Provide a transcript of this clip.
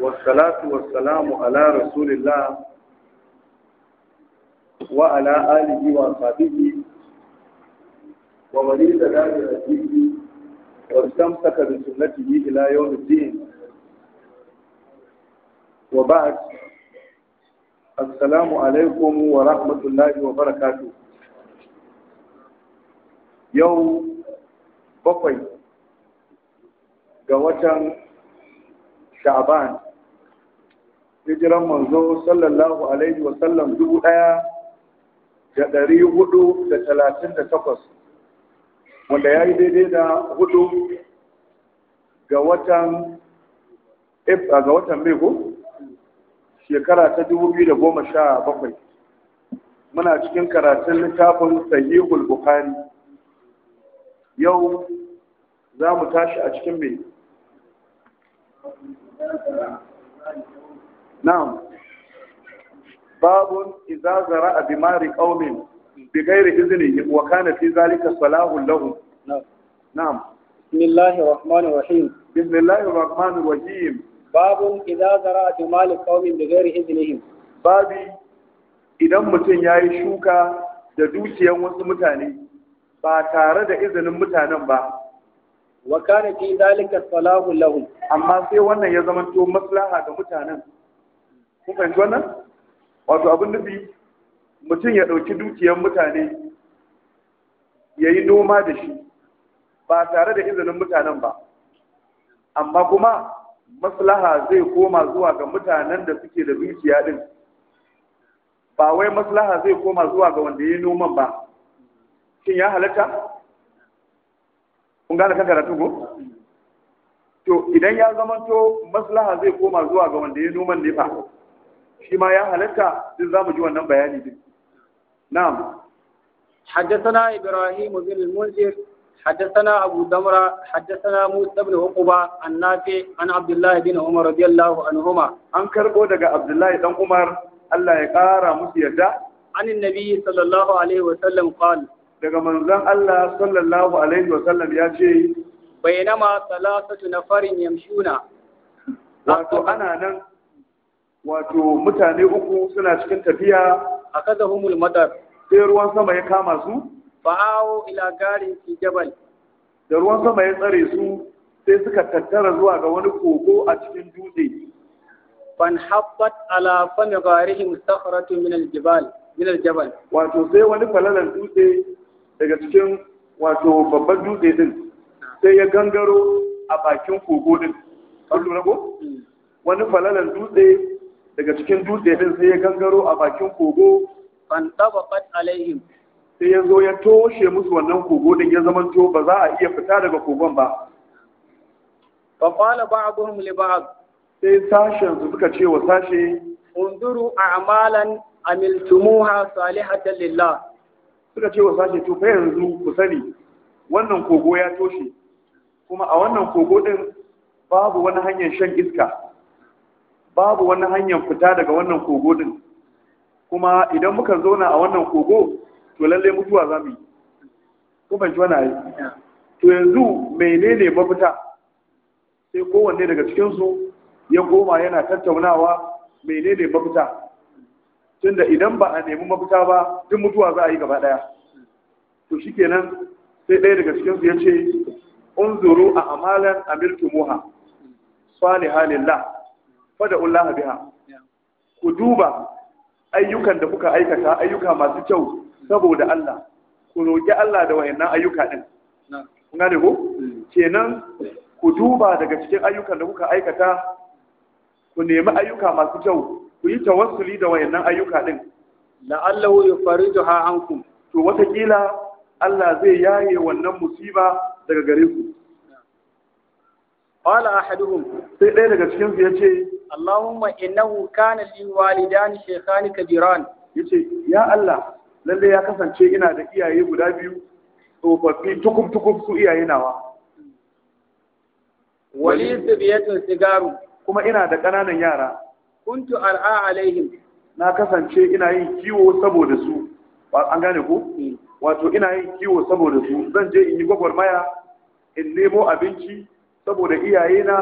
والصلاة والسلام على رسول الله وعلى آله وصحبه ومريد اهتدى بهديه واستمسك بسنته إلى يوم الدين وبعد السلام عليكم ورحمة الله وبركاته يوم بقيت ga watan sha'ban hijiran manzo sallallahu alaihi wa sallam dubu ɗaya da dari hudu da talatin da takwas wanda ya yi daidai da hudu ga watan ga watan mai ko shekara ta dubu biyu da goma sha bakwai muna cikin karatun littafin sahihul bukhari yau za mu tashi a cikin mai na'am babun idza zara'a bi mari qaumin bi ghairi izni wa kana fi zalika salahun lahu na'am bismillahir rahmanir rahim bismillahir rahmanir rahim babun idza zara'a bi idan mutum yayi shuka da dukiyan wasu mutane ba tare da izinin mutanen ba wa kana fi zalika salahu lahum amma sai wannan ya zama to maslaha ga mutanen kun fahimci wannan wato abin nufi mutum ya ɗauki dukiyar mutane ya noma da shi ba tare da izinin mutanen ba amma kuma maslaha zai koma zuwa ga mutanen da suke da dukiya din ba wai maslaha zai koma zuwa ga wanda ya yi noman ba shin ya halatta kun gane kan karatu ko to idan ya zamanto maslaha zai koma zuwa ga wanda ya noman ne fa shi ma ya halatta din zamu ji wannan bayani din na'am حدثنا إبراهيم بن المنذر حدثنا أبو دمرة حدثنا موسى بن عقبة عن نافع عن عبد الله بن عمر رضي الله عنهما عن كربو دغ عبد الله بن عمر الله يقارا مسيدا عن النبي صلى الله عليه وسلم قال daga manzon Allah sallallahu alaihi wa sallam ya ce bainama tuna nafarin yamshuna wato ana nan wato mutane uku suna cikin tafiya A akadahumul madar sai ruwan sama ya kama su wo ila garin fi jabal da ruwan sama ya tsare su sai suka tattara zuwa ga wani kogo a cikin dutse Ban habbat ala fami gharihim sakhratu min aljibal min jabal wato sai wani falalan dutse daga cikin wato babban dutse din sai ya gangaro a bakin kogo din an lura wani falalan dutse daga cikin dutse din sai ya gangaro a bakin kogo an tabaqat alaihim sai ya zo ya toshe musu wannan kogo din ya zama to ba za a iya fita daga kogon ba fa qala ba'dhum li ba'd sai sashen su suka ce wa sashe unduru a'malan amiltumuha salihatan lillah suka ce wa sashe to fa yanzu ku sani wannan kogo ya toshe kuma a wannan kogo din babu wani hanyar shan iska babu wani hanyar fita daga wannan kogo din kuma idan muka zauna a wannan kogo to lalle mutuwa za mu yi Ko ban ji wani ayi to yanzu menene mafita sai kowanne daga cikinsu ya goma yana tattaunawa menene mafita tunda idan ba a nemi mafita ba duk mutuwa za a yi gaba daya to shikenan sai ɗaya daga cikin su yace unzuru a amalan amiltumuha salihan lillah fada'ullaha biha ku duba ayyukan da kuka aikata ayyuka masu kyau saboda Allah ku roƙi Allah da wayannan ayyuka din kun gane ko kenan ku duba daga cikin ayyukan da kuka aikata ku nemi ayyuka masu kyau ku yi tawassuli da wayannan ayyuka din la'allahu yufarijuha ankum to watakila Allah zai yaye wannan musiba daga gare ku qala ahaduhum sai ɗaya daga cikin su yace Allahumma innahu kana li walidani shaykhani kabiran yace ya Allah lalle ya kasance ina da iyaye guda biyu tsofaffi tukum tukum su iyaye nawa wali sibiyatun sigaru kuma ina da ƙananan yara kuntu al'a alaihim na kasance ina yin kiwo saboda su Ba an gane ku eh. wato ina yin kiwo saboda su zan je in yi gwagwarmaya in nemo abinci saboda iyayena